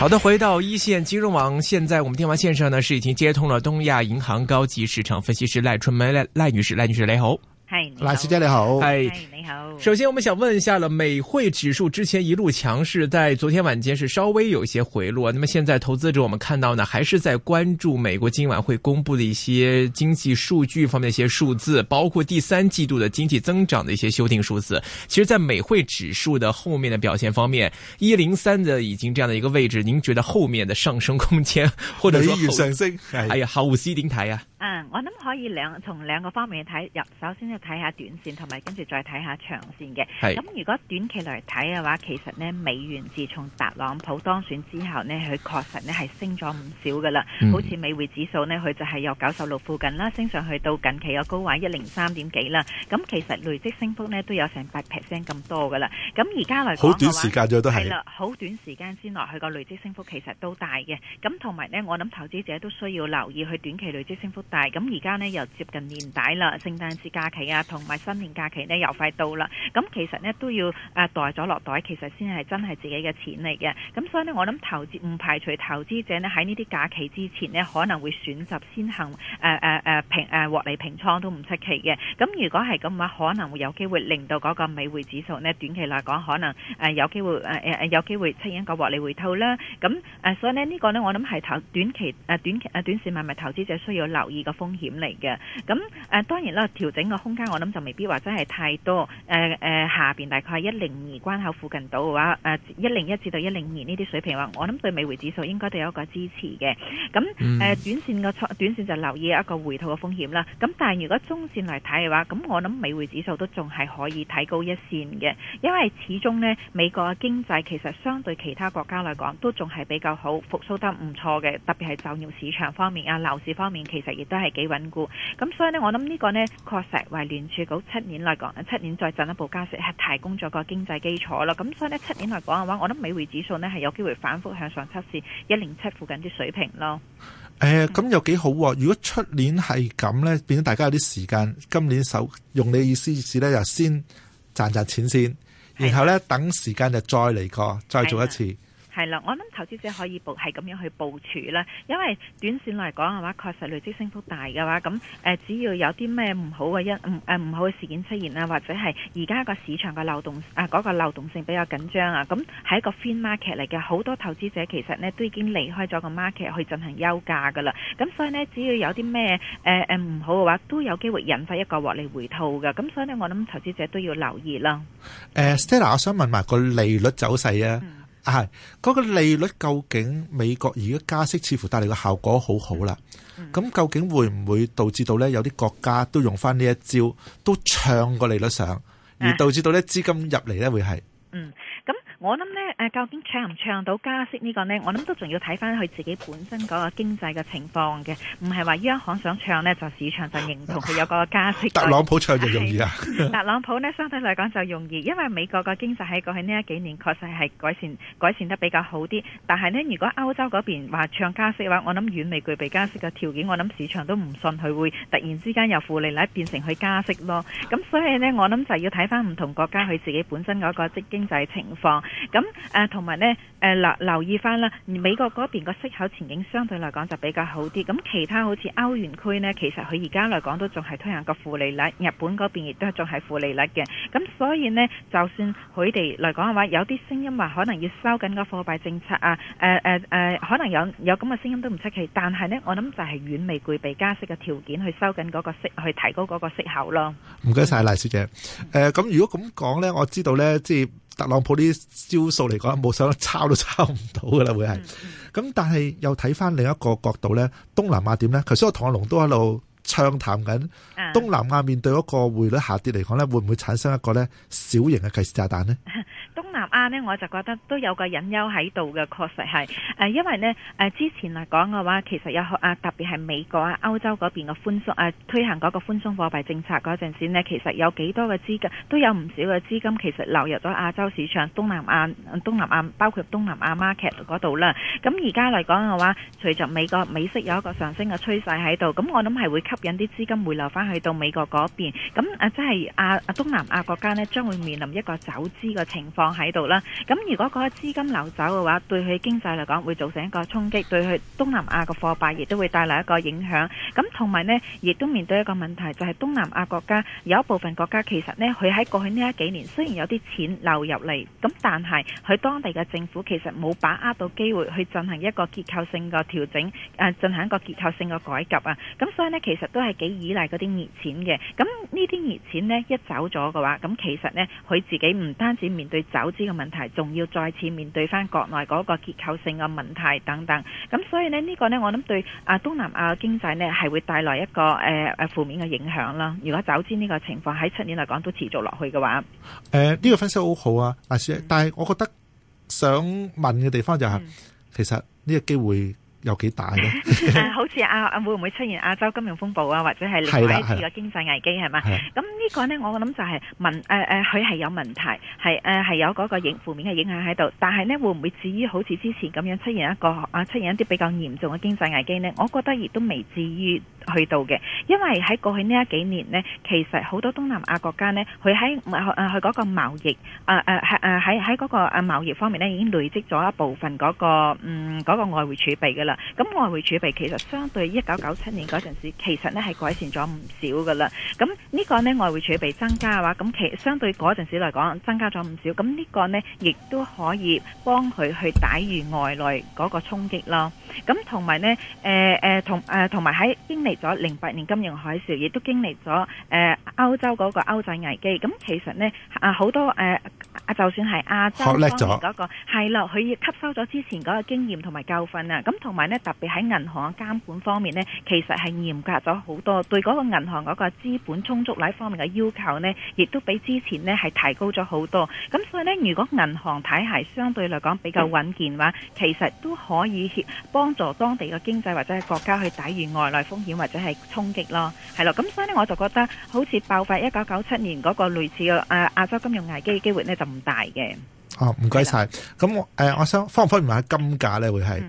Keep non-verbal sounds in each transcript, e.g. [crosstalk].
好的，回到一線金融網，現在我們電話線上呢是已經接通了東亞銀行高級市場分析師賴春梅賴賴女士，賴女士你好，你好。係，老師，大家好。嗨，你好。首先，我們想問一下了，美匯指數之前一路強勢，在昨天晚間是稍微有一些回落。那麼現在投資者我們看到呢，還是在關注美國今晚會公布的一些經濟數據方面的一些數字，包括第三季度的經濟增長的一些修訂數字。其實，在美匯指數的後面的表現方面，一零三的已經這樣的一個位置，您覺得後面的上升空間會否越上升？係、哎、啊，後市點睇啊？嗯，我諗可以兩從兩個方面睇入，首先睇下短線同埋跟住再睇下長線嘅。咁如果短期嚟睇嘅話，其實呢美元自從特朗普當選之後呢，佢確實呢係升咗唔少㗎啦、嗯。好似美匯指數呢，佢就係由九十六附近啦，升上去到近期嘅高位一零三點幾啦。咁其實累積升幅呢都有成八 percent 咁多㗎啦。咁而家嚟講，好短時間都係啦。好短時間之內佢個累積升幅其實都大嘅。咁同埋呢，我諗投資者都需要留意佢短期累積升幅大。咁而家呢，又接近年底啦，聖誕節假期。啊，同埋新年假期呢，又快到啦，咁其實呢，都要啊、呃、袋咗落袋，其實先係真係自己嘅錢嚟嘅。咁所以呢，我諗投資唔排除投資者呢，喺呢啲假期之前呢，可能會選擇先行誒誒誒平誒獲、呃、利平倉都唔出奇嘅。咁如果係咁嘅話，可能會有機會令到嗰個美匯指數呢，短期嚟講，可能誒、呃、有機會誒誒、呃、有機會出現一個獲利回吐啦。咁誒，所以呢，呢、這個呢，我諗係投短期誒短期誒短線買賣投資者需要留意嘅風險嚟嘅。咁誒、呃，當然啦，調整嘅空。我諗就未必話真係太多，誒、呃、誒、呃、下邊大概係一零二關口附近度嘅話，誒一零一至到一零二呢啲水平話，我諗對美匯指數應該都有一個支持嘅。咁誒、嗯呃、短線嘅短線就留意一個回吐嘅風險啦。咁但係如果中線嚟睇嘅話，咁我諗美匯指數都仲係可以提高一線睇高一線嘅，因為始終呢美國嘅經濟其實相對其他國家嚟講都仲係比較好，復甦得唔錯嘅，特別係就業市場方面啊、樓市方面其實亦都係幾穩固。咁所以呢，我諗呢個呢確實。聯儲局七年來講，七年再進一步加息，係提供咗個經濟基礎咯。咁所以呢，七年來講嘅話，我諗美匯指數呢係有機會反覆向上測試一零七附近啲水平咯。誒、呃，咁又幾好、啊。如果出年係咁呢，變咗大家有啲時間，今年首用你嘅意思意思呢，就先賺賺錢先，然後呢，等時間就再嚟過再做一次。係啦，我諗投資者可以佈係咁樣去部署啦，因為短線嚟講嘅話，確實累積升幅大嘅話，咁誒、呃，只要有啲咩唔好嘅一唔誒唔好嘅事件出現啦，或者係而家個市場嘅流動啊，嗰個流動性比較緊張啊，咁係一個偏 market 嚟嘅，好多投資者其實呢，都已經離開咗個 market 去進行休假噶啦，咁所以呢，只要有啲咩誒誒唔好嘅話，都有機會引發一個獲利回吐嘅，咁所以呢，我諗投資者都要留意啦。誒、呃、，Stella，我想問埋個利率走勢啊。嗯係嗰、那個利率究竟美國而家加息似乎帶嚟個效果很好好啦，咁究竟會唔會導致到呢？有啲國家都用返呢一招，都唱個利率上，而導致到呢資金入嚟會會係。我諗呢、啊、究竟唱唔唱到加息呢個呢？我諗都仲要睇翻佢自己本身嗰個經濟嘅情況嘅，唔係話央行想唱呢，就市場就認同佢有個加息、啊。特朗普唱就容易呀、啊， [laughs] 特朗普呢相對嚟講就容易，因為美國個經濟喺過去呢一幾年確實係改善改善得比較好啲。但係呢，如果歐洲嗰邊話唱加息嘅話，我諗遠未具備加息嘅條件。我諗市場都唔信佢會突然之間由負利率變成去加息咯。咁所以呢，我諗就要睇翻唔同國家佢自己本身嗰個即經濟情況。咁誒，同埋咧，誒、呃、留留意翻啦，美國嗰邊個息口前景相對來講就比較好啲。咁其他好似歐元區呢，其實佢而家來講都仲係推行個負利率，日本嗰邊亦都係仲係負利率嘅。咁所以呢，就算佢哋來講嘅話，有啲聲音話可能要收緊個貨幣政策啊，誒誒誒，可能有有咁嘅聲音都唔出奇。但係呢，我諗就係遠未具備加息嘅條件去收緊嗰個息，去提高嗰個息口咯。唔該晒，賴小姐。誒、嗯，咁、呃、如果咁講呢，我知道呢。即係。特朗普啲招數嚟講，冇想抄都抄唔到㗎喇，會係。咁但係又睇返另一個角度咧，東南亞點咧？其實我同阿龍都喺度暢談緊，東南亞面對嗰個匯率下跌嚟講咧，會唔會產生一個咧小型嘅計時炸彈咧？啊呢！咧我就覺得都有個隱憂喺度嘅，確實係誒、啊，因為呢，誒、啊、之前嚟講嘅話，其實有啊特別係美國啊歐洲嗰邊嘅寬鬆誒推行嗰個寬鬆貨幣政策嗰陣時咧，其實有幾多嘅資金都有唔少嘅資金其實流入咗亞洲市場、東南亞、東南亞包括東南亞 market 嗰度啦。咁而家嚟講嘅話，隨着美國美息有一個上升嘅趨勢喺度，咁我諗係會吸引啲資金回流返去到美國嗰邊。咁啊即係亞亞東南亞國家呢，將會面臨一個走資嘅情況喺度。啦，咁如果嗰個資金流走嘅話，對佢經濟嚟講會造成一個衝擊，對佢東南亞嘅貨幣亦都會帶嚟一個影響。咁同埋呢亦都面對一個問題，就係、是、東南亞國家有一部分國家其實呢，佢喺過去呢一幾年雖然有啲錢流入嚟，咁但係佢當地嘅政府其實冇把握到機會去進行一個結構性嘅調整，誒、啊，進行一個結構性嘅改革啊。咁所以呢，其實都係幾依賴嗰啲熱錢嘅。咁呢啲熱錢呢一走咗嘅話，咁其實呢，佢自己唔單止面對走資問題，仲要再次面對翻國內嗰個結構性嘅問題等等，咁所以呢，呢個呢，我諗對啊東南亞嘅經濟呢係會帶來一個誒誒負面嘅影響啦。如果早知呢個情況喺七年嚟講都持續落去嘅話，誒呢個分析好好啊，但係我覺得想問嘅地方就係，嗯，其實呢個機會。有幾大嘅？啊，好似亞啊，會唔會出現亞洲金融風暴啊，或者係另外一啲嘅經濟危機係嘛？咁呢個咧，我諗就係問誒誒，佢係有問題，係誒係有嗰個影負面嘅影響喺度。但係咧，會唔會至於好似之前咁樣出現一個啊出現一啲比較嚴重嘅經濟危機咧？我覺得亦都未至於去到嘅，因為喺過去呢一幾年咧，其實好多東南亞國家咧，佢喺啊佢嗰個貿易啊啊喺啊喺喺嗰個啊貿易方面咧，已經累積咗一部分嗰個嗯嗰個外匯儲備嘅啦。咁外匯儲備其實相對一九九七年嗰陣時，其實咧係改善咗唔少噶啦。咁呢個咧外匯儲備增加嘅話，咁其實相對嗰陣時嚟講，增加咗唔少。咁呢個咧亦都可以幫佢去抵禦外來嗰個衝擊咯。咁同埋咧，誒誒同誒同埋喺經歷咗零八年金融海嘯，亦都經歷咗誒歐洲嗰個歐債危機。咁其實咧啊好多誒。就算係亞洲方面嗰個係咯，佢亦吸收咗之前嗰個經驗同埋教訓啊！咁同埋咧，特別喺銀行監管方面咧，其實係嚴格咗好多，對嗰個銀行嗰個資本充足率方面嘅要求咧，亦都比之前咧係提高咗好多。咁所以咧，如果銀行體系相對嚟講比較穩健嘅話，其實都可以協助當地嘅經濟或者係國家去抵禦外來風險或者係衝擊咯。係咯，咁所以咧我就覺得，好似爆發一九九七年嗰個類似嘅誒亞洲金融危機嘅機會咧，就唔～大嘅哦，唔該晒。咁我誒，我想方唔方便問下金價咧會係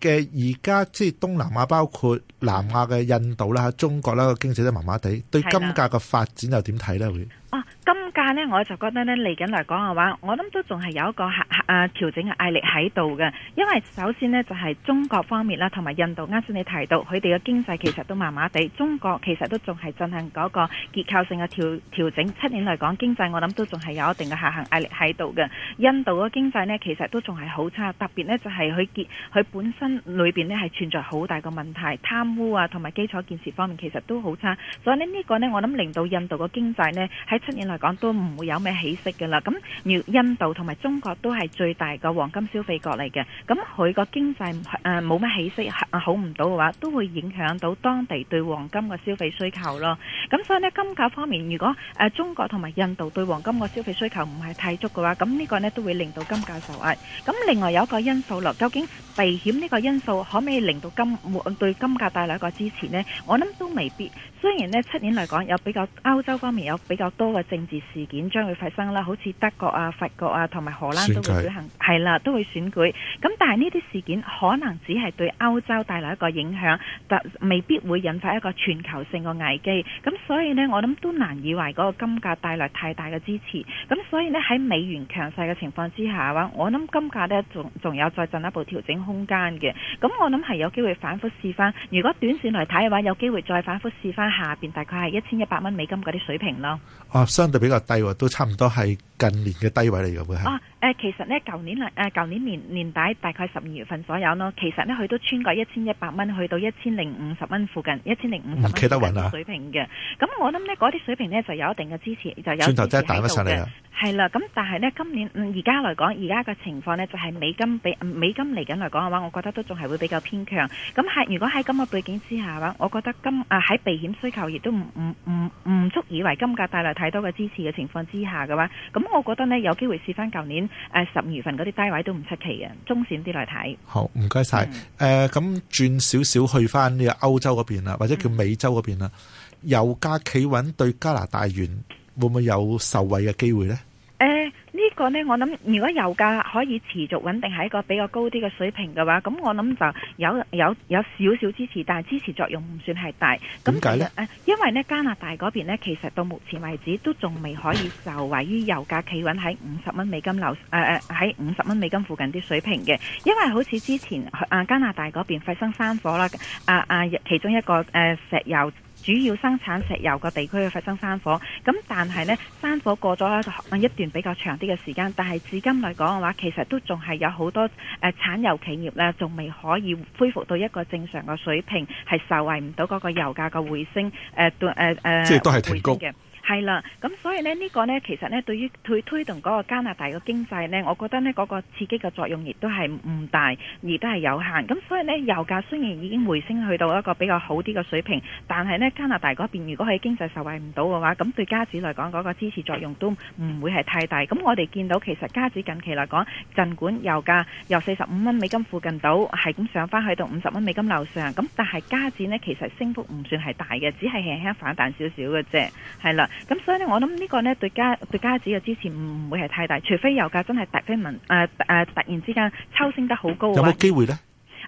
嘅？而、嗯、家即係東南亞包括南亞嘅印度啦、中國啦個經濟都麻麻地，對金價嘅發展又點睇咧會？哦、金價呢，我就覺得呢，嚟緊來講嘅話，我諗都仲係有一個下、啊、調整嘅壓力喺度嘅。因為首先呢，就係、是、中國方面啦，同埋印度，啱先你提到佢哋嘅經濟其實都麻麻地。中國其實都仲係進行嗰個結構性嘅調調整，七年來講經濟，我諗都仲係有一定嘅下行壓力喺度嘅。印度嘅經濟呢，其實都仲係好差，特別呢，就係佢結佢本身裏邊呢，係存在好大嘅問題，貪污啊，同埋基礎建設方面其實都好差。所以呢，呢個呢，我諗令到印度嘅經濟呢。喺七年來講都唔會有咩起色㗎喇。咁若印度同埋中國都係最大個黃金消費國嚟嘅，咁佢個經濟誒冇咩起色，好唔到嘅話，都會影響到當地對黃金嘅消費需求咯。咁所以呢，金價方面，如果誒中國同埋印度對黃金嘅消費需求唔係太足嘅話，咁呢個呢都會令到金價受壓。咁另外有一個因素咯，究竟避險呢個因素可唔可以令到金對金價帶來一個支持呢？我諗都未必。雖然呢七年來講有比較歐洲方面有比較多嘅政治事件將會發生啦，好似德國啊、法國啊同埋荷蘭都會舉行，係啦，都會選舉。咁但係呢啲事件可能只係對歐洲帶來一個影響，但未必會引發一個全球性嘅危機。咁所以呢，我諗都難以為嗰個金價帶來太大嘅支持。咁所以呢，喺美元強勢嘅情況之下話，我諗金價呢仲仲有再進一步調整空間嘅。咁我諗係有機會反覆試翻。如果短線嚟睇嘅話，有機會再反覆試翻。下邊大概係一千一百蚊美金嗰啲水平咯。哦，相對比較低喎，都差唔多係近年嘅低位嚟嘅會係。啊、哦，誒、呃，其實咧，舊年嚟誒、呃，舊年年年底大概十二月份左右咯。其實咧，佢都穿過一千一百蚊，去到一千零五十蚊附近，一千零五十蚊嘅水平嘅。咁、啊、我諗咧，嗰啲水平咧就有一定嘅支持，就有。轉頭真係彈唔上嚟啊！係啦，咁但係呢，今年而家嚟講，而家嘅情況呢，就係、是、美金比美金嚟緊嚟講嘅話，我覺得都仲係會比較偏強。咁喺如果喺咁嘅背景之下嘅話，我覺得今啊喺避險需求亦都唔唔唔足以為金價帶來太多嘅支持嘅情況之下嘅話，咁我覺得呢，有機會試翻舊年誒、啊、十月份嗰啲低位都唔出奇嘅。中線啲嚟睇，好唔該晒。誒。咁、嗯呃、轉少少去翻呢個歐洲嗰邊啦，或者叫美洲嗰邊啦、嗯，油價企穩對加拿大元會唔會有受惠嘅機會呢？誒，呢個呢，我諗如果油價可以持續穩定喺一個比較高啲嘅水平嘅話，咁我諗就有有有少少支持，但係支持作用唔算係大。咁解咧？因為呢加拿大嗰邊呢，其實到目前為止都仲未可以受惠於油價企穩喺五十蚊美金流誒誒喺五十蚊美金附近啲水平嘅，因為好似之前啊加拿大嗰邊發生山火啦，啊啊其中一個誒石油。主要生產石油個地區發生山火，咁但係呢，山火過咗一段比較長啲嘅時間，但係至今嚟講嘅話，其實都仲係有好多誒、呃、產油企業呢，仲未可以恢復到一個正常嘅水平，係受惠唔到嗰個油價嘅回升誒誒誒，即係都係高嘅。係啦，咁所以呢，呢、呢個呢，其實呢，對於推推動嗰個加拿大嘅經濟呢，我覺得呢，嗰、嗰個刺激嘅作用亦都係唔大，而都係有限。咁所以呢，油價雖然已經回升去到一個比較好啲嘅水平，但係呢，加拿大嗰邊如果係經濟受惠唔到嘅話，咁對加指嚟講嗰個支持作用都唔會係太大。咁我哋見到其實加指近期嚟講，儘管油價由四十五蚊美金附近回到係咁上返去到五十蚊美金樓上，咁但係加指呢，其實升幅唔算係大嘅，只係輕輕反彈少少嘅啫。係啦。咁所以咧，我諗呢個咧對家對家姐嘅支持唔會係太大，除非油價真係突飛猛誒誒突然之間抽升得好高啊！有冇機會咧？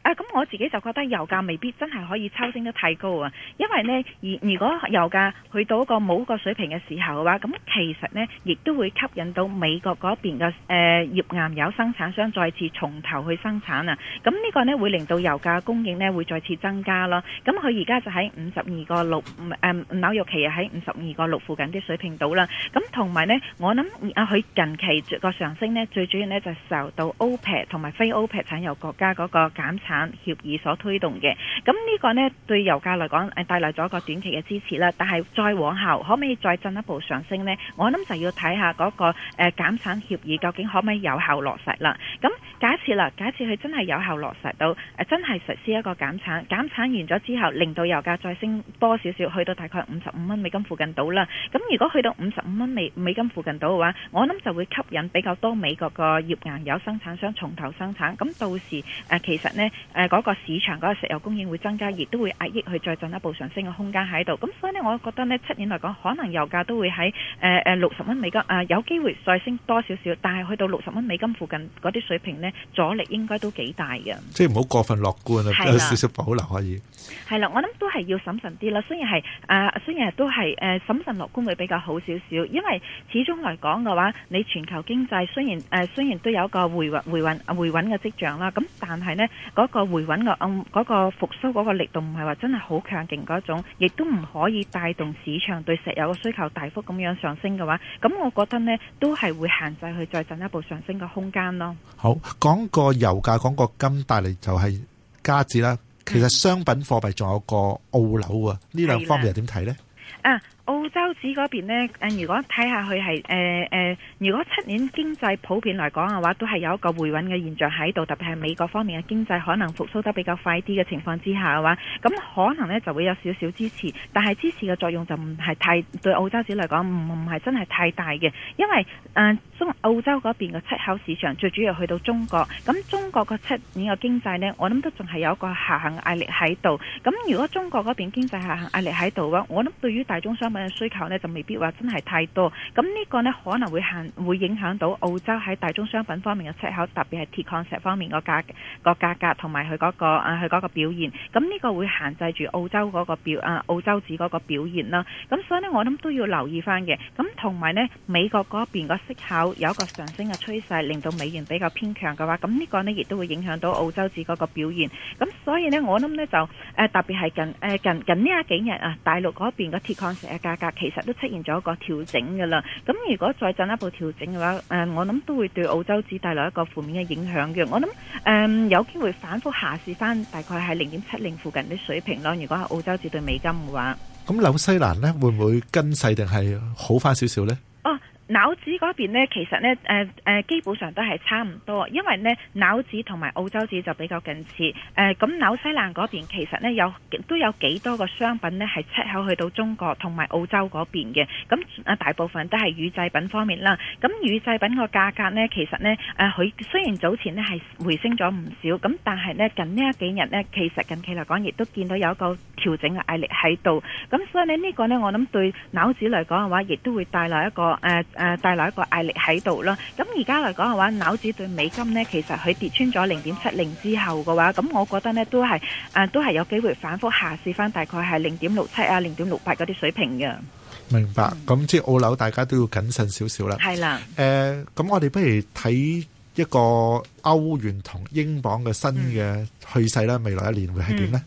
啊，咁我自己就覺得油價未必真係可以抽升得太高啊，因為呢，而如果油價去到一個某個水平嘅時候嘅話，咁其實呢亦都會吸引到美國嗰邊嘅誒頁岩油生產商再次從頭去生產啊，咁呢個呢會令到油價供應呢會再次增加咯。咁佢而家就喺五十二個六、呃，誒紐約期又喺五十二個六附近啲水平度啦。咁同埋呢，我諗啊佢近期個上升呢，最主要呢就受到 OPEC 同埋非 OPEC 產油國家嗰個減產產協議所推動嘅，咁呢個呢，對油價嚟講，誒帶來咗一個短期嘅支持啦。但係再往後，可唔可以再進一步上升呢？我諗就要睇下嗰個誒減產協議究竟可唔可以有效落實啦。咁假設啦，假設佢真係有效落實到，誒真係實施一個減產，減產完咗之後，令到油價再升多少少，去到大概五十五蚊美金附近到啦。咁如果去到五十五蚊美美金附近到嘅話，我諗就會吸引比較多美國個頁岩油生產商從頭生產。咁到時誒其實呢。誒、啊、嗰、那個市場嗰、那個石油供應會增加，亦都會壓抑去再進一步上升嘅空間喺度。咁所以呢，我覺得呢七年嚟講，可能油價都會喺誒誒六十蚊美金啊、呃，有機會再升多少少，但係去到六十蚊美金附近嗰啲水平呢，阻力應該都幾大嘅。即係唔好過分樂觀啊，有少少保留可以。係啦，我諗都係要審慎啲啦。雖然係誒、啊，雖然都係誒、啊、審慎樂觀會比較好少少，因為始終嚟講嘅話，你全球經濟雖然誒、啊、雖然都有一個回穩回回穩嘅跡象啦，咁但係呢。那個個回穩個暗嗰個復蘇嗰個力度唔係話真係好強勁嗰種，亦都唔可以帶動市場對石油嘅需求大幅咁樣上升嘅話，咁我覺得呢都係會限制佢再進一步上升嘅空間咯。好，講個油價，講個金帶嚟就係加字啦。其實商品貨幣仲有個澳樓啊，呢兩方面又點睇呢？啊！澳洲紙嗰邊咧，誒，如果睇下去係誒誒，如果七年經濟普遍嚟講嘅話，都係有一個回穩嘅現象喺度，特別係美國方面嘅經濟可能復蘇得比較快啲嘅情況之下嘅話，咁可能咧就會有少少支持，但係支持嘅作用就唔係太對澳洲紙嚟講，唔唔係真係太大嘅，因為誒中，呃、澳洲嗰邊嘅出口市場最主要去到中國，咁中國個七年嘅經濟咧，我諗都仲係有一個下行壓力喺度，咁如果中國嗰邊經濟下行壓力喺度嘅話，我諗對於大宗商。需求呢就未必話真係太多，咁呢個呢可能會限會影響到澳洲喺大宗商品方面嘅出口，特別係鐵礦石方面個價個價格同埋佢嗰個啊佢個表現，咁呢個會限制住澳洲嗰個表啊澳洲紙嗰個表現啦，咁所以呢，我諗都要留意翻嘅，咁同埋呢，美國嗰邊個息口有一個上升嘅趨勢，令到美元比較偏強嘅話，咁呢個呢亦都會影響到澳洲紙嗰個表現，咁所以呢，我諗呢就誒、啊、特別係近誒近近呢一幾日啊，大陸嗰邊嘅鐵礦石。價格其實都出現咗一個調整㗎喇，咁如果再進一步調整嘅話，誒，我諗都會對澳洲紙帶來一個負面嘅影響嘅。我諗，誒、嗯，有機會反復下試翻，大概係零點七零附近啲水平咯。如果係澳洲紙對美金嘅話，咁紐西蘭呢會唔會跟細定係好翻少少呢？會紐子嗰邊呢，其實呢誒誒、呃，基本上都係差唔多，因為呢紐子同埋澳洲子就比較近似。誒、呃，咁紐西蘭嗰邊其實呢有都有幾多個商品呢係出口去到中國同埋澳洲嗰邊嘅。咁大部分都係乳製品方面啦。咁乳製品個價格呢，其實呢，誒、呃，佢雖然早前呢係回升咗唔少，咁但係呢近呢一幾日呢，其實近期嚟講亦都見到有一個調整嘅壓力喺度。咁所以呢，呢、呢個呢，我諗對紐子嚟講嘅話，亦都會帶來一個、呃誒，帶來一個壓力喺度啦。咁而家嚟講嘅話，紐元對美金呢，其實佢跌穿咗零點七零之後嘅話，咁我覺得呢都係，誒都係有機會反覆下試返大概係零點六七啊、零點六八嗰啲水平嘅。明白。咁即係澳樓，大家都要謹慎少少啦。係啦。誒，咁我哋不如睇一個歐元同英鎊嘅新嘅趨勢啦。未來一年會係點呢？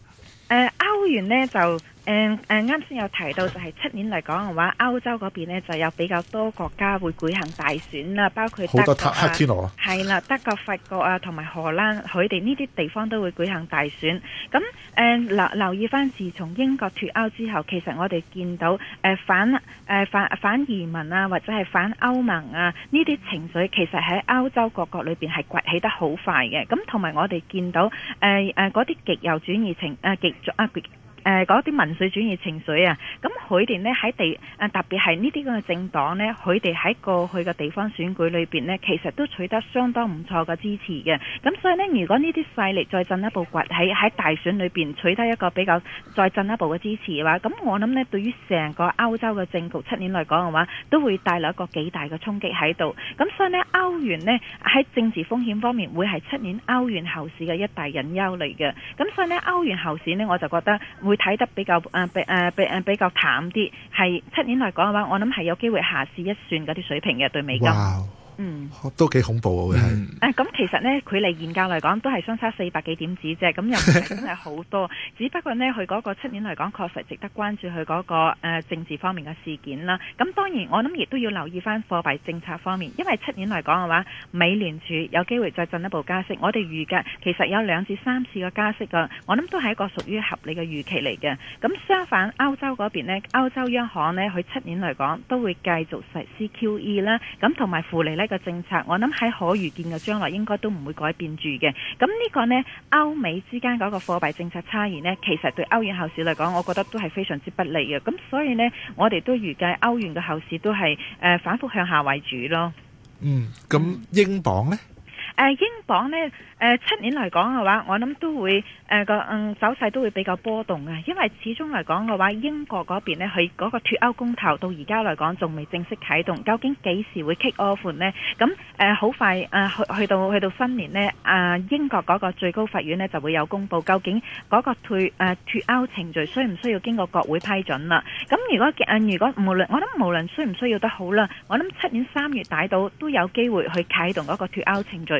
誒，歐元呢就。誒、嗯、誒，啱、嗯、先有提到就係七年嚟講嘅話，歐洲嗰邊呢就有比較多國家會舉行大選啦，包括德國、好多塔克天羅。係啦，德國、法國啊，同埋荷蘭，佢哋呢啲地方都會舉行大選。咁誒、嗯、留留意翻，自從英國脱歐之後，其實我哋見到誒、呃、反、呃、反反移民啊，或者係反歐盟啊，呢啲情緒其實喺歐洲各國裏面係崛起得好快嘅。咁同埋我哋見到誒誒嗰啲極右主義情誒、呃、極啊極誒、呃、啲民粹主義情緒啊，咁佢哋呢喺地、呃、特別係呢啲咁嘅政黨呢，佢哋喺過去嘅地方選舉裏面呢，其實都取得相當唔錯嘅支持嘅。咁所以呢，如果呢啲勢力再進一步崛起，喺大選裏面取得一個比較再進一步嘅支持嘅話，咁我諗呢對於成個歐洲嘅政局七年嚟講嘅話，都會帶來一個幾大嘅衝擊喺度。咁所以呢，歐元呢喺政治風險方面會係七年歐元後市嘅一大隱憂嚟嘅。咁所以呢，歐元後市呢，我就覺得睇得比較、呃呃、比誒、呃比，呃比，呃、比較淡啲係七年嚟講嘅話我諗係有機會下試一算嗰啲水平嘅對美金。嗯，都幾恐怖喎，咁、嗯嗯啊、其實呢，距離現價嚟講都係相差四百幾點子啫。咁又其實真係好多， [laughs] 只不過呢，佢嗰個七年嚟講確實值得關注佢嗰、嗰個、呃、政治方面嘅事件啦。咁當然我諗亦都要留意翻貨幣政策方面，因為七年嚟講嘅話，美聯儲有機會再進一步加息。我哋預計其實有兩至三次嘅加息嘅，我諗都係一個屬於合理嘅預期嚟嘅。咁相反歐洲嗰邊呢，歐洲央行呢，佢七年嚟講都會繼續實施 QE 啦，咁同埋負利呢。這個政策，我諗喺可預見嘅將來，應該都唔會改變住嘅。咁呢個呢，歐美之間嗰個貨幣政策差異呢，其實對歐元後市嚟講，我覺得都係非常之不利嘅。咁所以呢，我哋都預計歐元嘅後市都係誒、呃、反復向下為主咯。嗯，咁英鎊呢？誒英鎊呢，誒七年嚟講嘅話，我諗都會誒個嗯走勢都會比較波動嘅，因為始終嚟講嘅話，英國嗰邊呢，佢嗰個脫歐公投到而家嚟講仲未正式啟動，究竟幾時會 kick off 咧？咁好快誒去，去到去到新年呢，誒英國嗰個最高法院呢，就會有公佈，究竟嗰個脫誒脫歐程序需唔需要經過國會批准啦？咁如果嘅如果無論我諗無論需唔需要都好啦，我諗七年三月底到都有機會去啟動嗰個脫歐程序。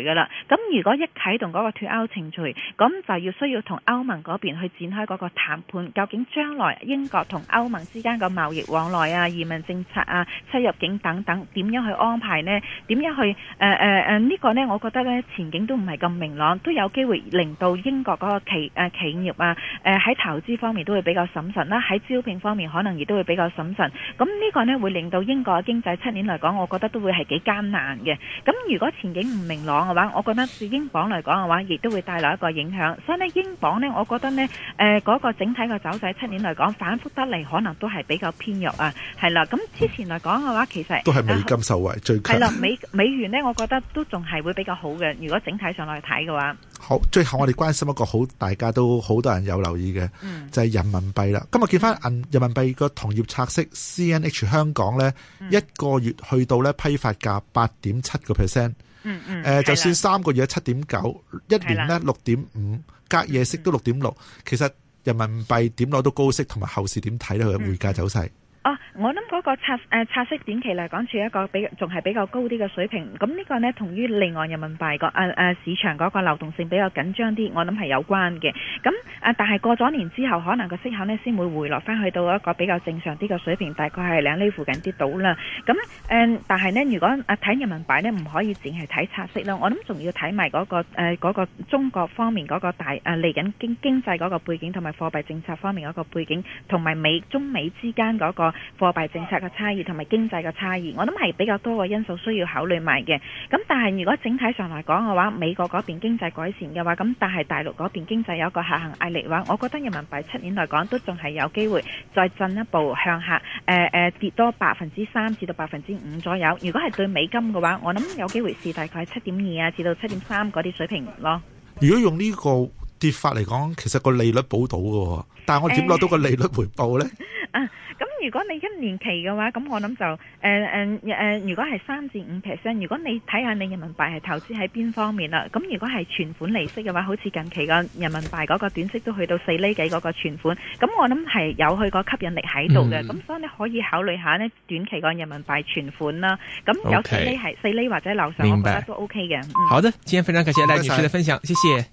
咁如果一啟動嗰個脫歐程序，咁就要需要同歐盟嗰邊去展開嗰個談判。究竟將來英國同歐盟之間嘅貿易往來啊、移民政策啊、出入境等等，點樣去安排呢？點樣去？誒誒誒，呃這個，呢個咧，我覺得咧前景都唔係咁明朗，都有機會令到英國嗰個企誒企業啊，誒、呃、喺投資方面都會比較審慎啦，喺招聘方面可能亦都會比較審慎。咁呢個咧會令到英國嘅經濟七年嚟講，我覺得都會係幾艱難嘅。咁如果前景唔明朗，嘅話，我覺得，對英鎊嚟講嘅話，亦都會帶來一個影響。所以呢，英鎊呢，我覺得呢誒，嗰、呃那個整體嘅走勢，七年嚟講，反復得嚟，可能都係比較偏弱啊。係啦，咁之前嚟講嘅話，其實都係美金受惠，啊、最強。係啦，美美元呢，我覺得都仲係會比較好嘅。如果整體上嚟睇嘅話，好。最後我哋關心一個好，大家都好多人有留意嘅，嗯，就係、是、人民幣啦。今日見翻銀人民幣個同業拆息 C N H 香港呢，嗯，一個月去到呢批發價八點七個 percent。嗯嗯，誒、嗯呃，就算三個月七點九，一年咧六點五，隔夜息都六點六。其實人民幣點攞到高息，同埋後市點睇咧，佢嘅匯價走勢？嗯 Oh, 我諗嗰個拆誒拆息短期嚟講處一個比仲係比較高啲嘅水平，咁呢個呢，同於另外人民幣個誒誒市場嗰個流動性比較緊張啲，我諗係有關嘅。咁啊，但係過咗年之後，可能個息口呢先會回落翻去到一個比較正常啲嘅水平，大概係兩厘附近啲到啦。咁誒、啊，但係呢，如果啊睇人民幣呢，唔可以淨係睇拆息啦，我諗仲要睇埋嗰個誒個、呃、中國方面嗰個大誒嚟緊經經濟嗰個背景同埋貨幣政策方面嗰個背景，同埋美中美之間嗰個。貨幣政策嘅差異同埋經濟嘅差異，我諗係比較多個因素需要考慮埋嘅。咁但係如果整體上嚟講嘅話，美國嗰邊經濟改善嘅話，咁但係大陸嗰邊經濟有一個下行壓力嘅話，我覺得人民幣七年嚟講都仲係有機會再進一步向下，誒、呃、誒、呃、跌多百分之三至到百分之五左右。如果係對美金嘅話，我諗有機會是大概七點二啊至到七點三嗰啲水平咯。如果用呢個跌法嚟講，其實個利率保到嘅，但係我點攞到個利率回報呢？欸 [laughs] 如果你一年期嘅話，咁我諗就誒誒誒，如果係三至五 percent，如果你睇下你人民幣係投資喺邊方面啦，咁如果係存款利息嘅話，好似近期個人民幣嗰個短息都去到四厘幾嗰個存款，咁我諗係有佢個吸引力喺度嘅，咁、嗯、所以你可以考慮下呢短期個人民幣存款啦。咁有四厘係四厘或者樓上我覺得都 OK 嘅、嗯。好的，今天非常感謝賴女士嘅分享，謝謝。謝謝。